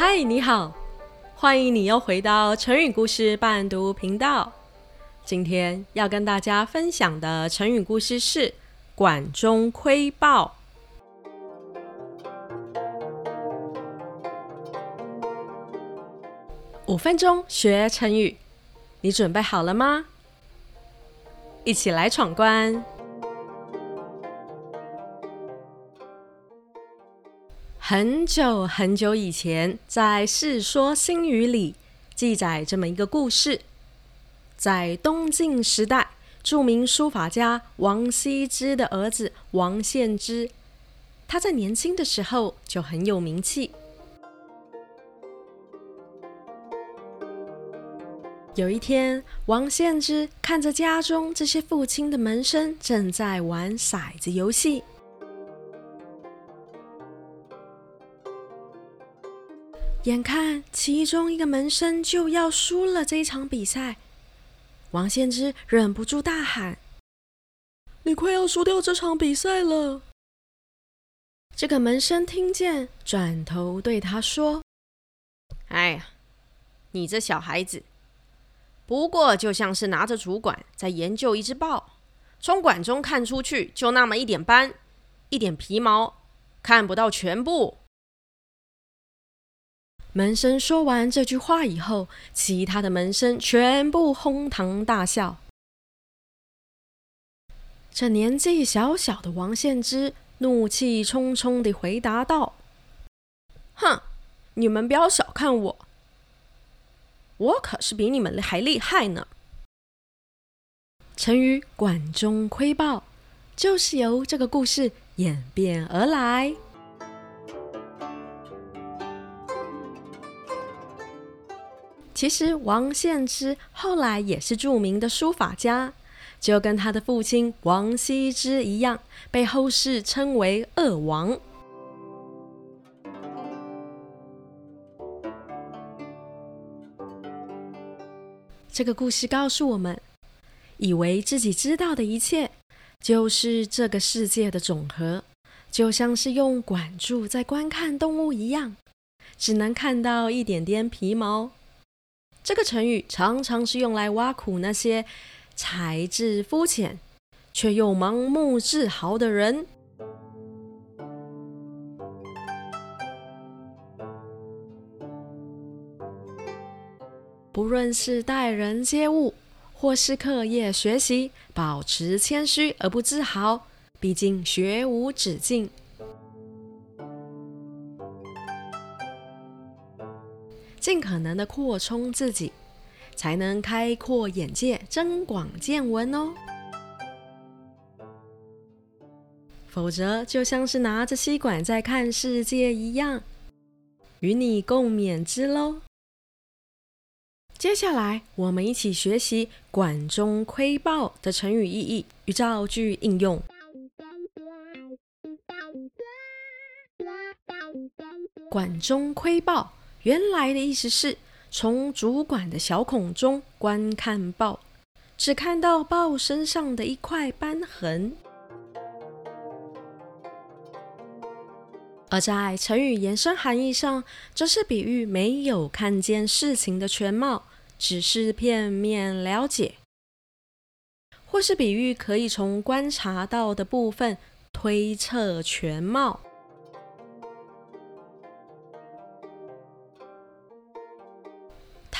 嗨，Hi, 你好，歡迎你又回到成語故事伴讀頻道。今天要跟大家分享的成語故事是“管中窺豹”。五分鐘學成語，你準備好了嗎？一起來闖關！很久很久以前，在《世說新語》裡記載這麼一個故事：在東晉時代，著名書法家王羲之的兒子王獻之，他在年輕的時候就很有名氣。有一天，王獻之看着家中這些父親的門生正在玩骰子遊戲。眼看其中一個門生就要輸了這場比賽，王獻之忍不住大喊：“你快要輸掉這場比賽了！”這個門生聽見，轉頭對他說：“哎呀，你這小孩子，不過就像是拿着竹管在研究一隻豹，從管中看出去，就那麼一點斑，一點皮毛，看不到全部。”門生說完這句話以後，其他的門生全部哄堂大笑。這年紀小小的王獻之怒氣沖沖地回答道：“哼，你們不要小看我，我可是比你們還厲害呢。”成語“管中窺豹”就是由這個故事演變而來。其實，王獻之後來也是著名的書法家，就跟他的父親王羲之一樣，被後世稱為“二王”。這個故事告訴我們：以為自己知道的一切就是這個世界的總和，就像是用管柱在觀看動物一樣，只能看到一點點皮毛。這個成語常常是用來挖苦那些才智膚淺卻又盲目自豪的人。不論是待人接物，或是課業學習，保持謙虛而不自豪，畢竟學無止境。盡可能的擴充自己，才能開闊眼界、增廣見聞哦。否則，就像是拿着吸管在看世界一樣。與你共勉之嘍。接下來，我們一起學習“管中窺豹”的成語意義與造句應用。“管 中窺豹”。原來的意思是從竹管的小孔中觀看豹，只看到豹身上的一塊斑痕；而在成語延伸含義上，這是比喻沒有看見事情的全貌，只是片面了解，或是比喻可以從觀察到的部分推測全貌。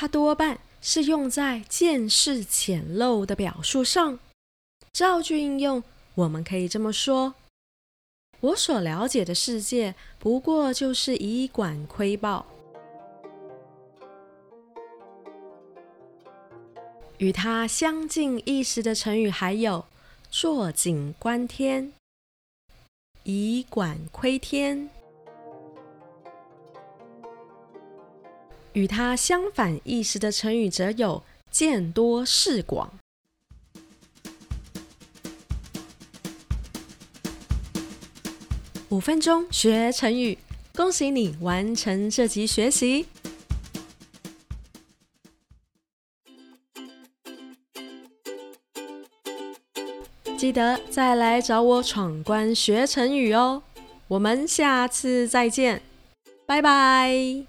它多半是用在見識淺陋的表述上。造句應用，我們可以這麼說：我所了解的世界，不過就是以管窺豹。與它相近意思的成語還有“坐井觀天”“以管窺天”。與它相反意思的成語則有“見多識廣”。五分鐘學成語，恭喜你完成這集學習！記得再來找我闖關學成語哦！我們下次再見，拜拜。